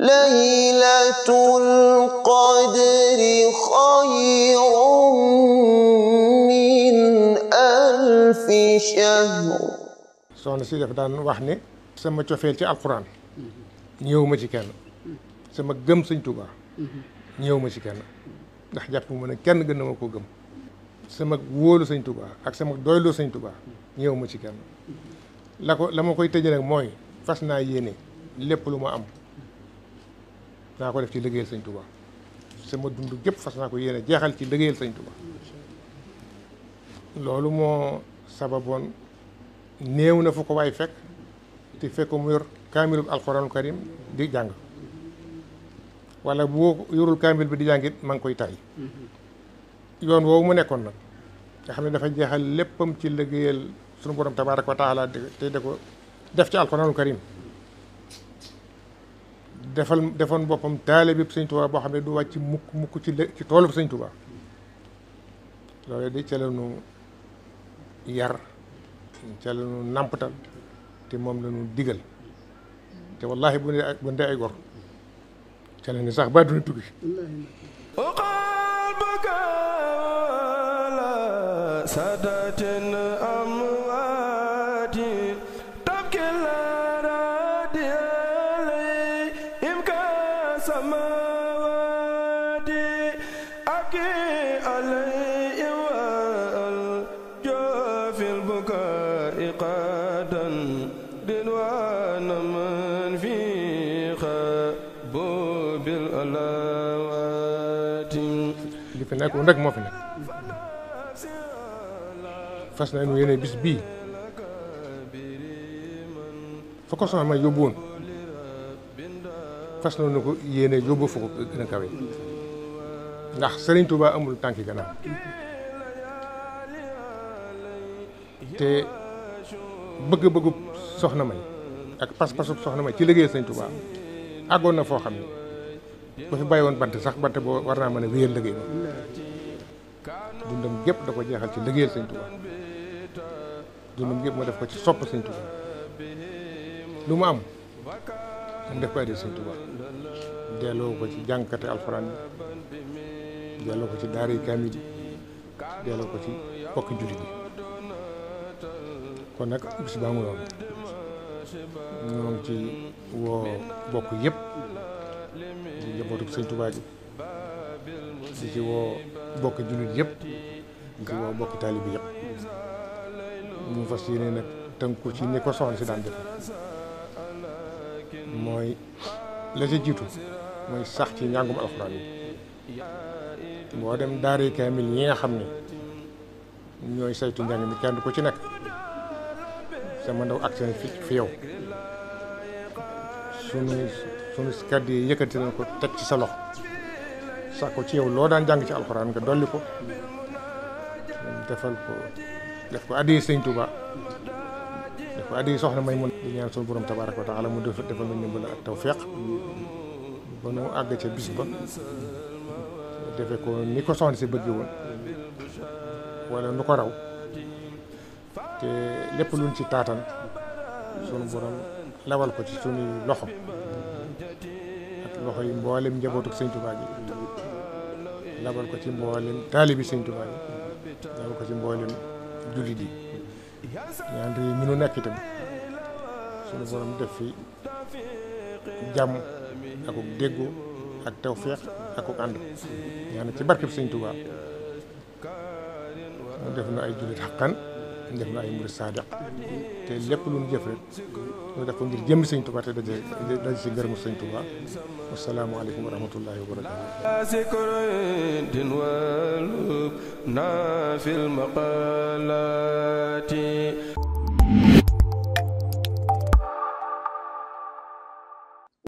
ليلة القدر خير من ألف شهر soxna si dafa daan wax ni sama cofeel ci alquran ñëw ma ci kenn sama gëm sëñ Tuuba ñëw ma ci kenn ndax jàpp ma ne kenn gën na ma ko gëm sama wóolu sëñ Tuuba ak sama doylu sëñ Tuuba ñëw ma ci kenn la ko la ma koy tëjee nag mooy fas naa yéene lépp lu ma am naa ko def ci liggéeyal sëñ Touba sama dund gépp fas naa ko yéene jeexal ci liggéeyal sañ Touba loolu moo sababoon néew na fu ko waay fekk te fekk mu yor kaamilub alxuraanul karim di jàng wala boo yorul kaamil bi di jàngit ma ngi koy tay yoon woowu mu nekkoon nag nga xam ne dafa jeexal léppam ci liggéeyal sunu borom tabaaraka wa taala te da def ci alxuraanul karim defal defoon boppam taale bi sëñ Tuubaa boo xam ne du wàcc mukk mukk ci ci toolu sëñ Tuubaa loolu di ca la nu yar ca la nu te moom la digal te wallaahi bu ne bu ay gor ca la ni sax ba duna tukki sadatin amwati tabkil te nekkul rek moo fi nekk fas nañu yéene bis bii fa ko soxna ma yóbbu woon fas nañu ko yéene yóbbu fa ko gën a kawe. ndax Serigne Touba amul tànki gannaaw te bëgg-bëggub soxna may ak pas-pasub soxna may ci liggéey Serigne Touba àggoon na foo xam ne bu fi bàyyi woon bant sax bant boo war naa mën a wéyal liggéey ba dundam gépp da ko jeexal ci liggéeyal Serigne Touba dundam gépp moo def ko ci sopp Serigne Touba lu mu am mu def ko addi Serigne Touba delloo ko ci jànkate alxuraan delloo ko ci daara yi yi delloo ko ci bokki jullit yi kon nag bis ci woo bokk yëpp di njabootu sëñ Tuubaa ji di ci woo bokk jullit yëpp di ci woo bokk taalibe yëpp ñu fas yéene nag tënku ci ni ko soxna si daan def mooy la ca jiitu mooy sax ci njàngum alxuraan yi boo dem daari kaamil yi nga xam ne ñooy saytu njàng mi kenn ku ci nekk sama ndaw ak seen fi fi yow sunu sunu kàddu yi yëkkati nañ ko teg ci sa loxo sax ko ci yow loo daan jàng ci alxuraan nga dolli ko defal ko def ko addi sëñ Tuuba def ko addi soxna may mun di ñaan sunu borom tabaaraka wa taala mu defal defal ma ndimbal ak tawfeex ba nu àgg ca bis ba defe ko ni ko son si bëggee woon wala nu ko raw te lépp luñ ci taatan sunu borom lawal ko ci sunuy loxo ak loxo yi mboolem njabootu Sëñ ko ci mboolem taalibi Sëñ Tuubaa gi lawal ko ci mboolem jullit yi ñaan réew mi nekk itam sunu borom def fi jàmm ak déggoo ak tawféex ak ko ànd ci barkeb sëñ Tuubaa def na ay jullit xaqan def na ay murid saadiq te lépp lu ñu jëf rek def ko ngir jëmmi sëñ Tuubaa te daje daje si ngërëmu sëñ Tuubaa wasalaamualeykum wa rahmatullahi wa barakaatu.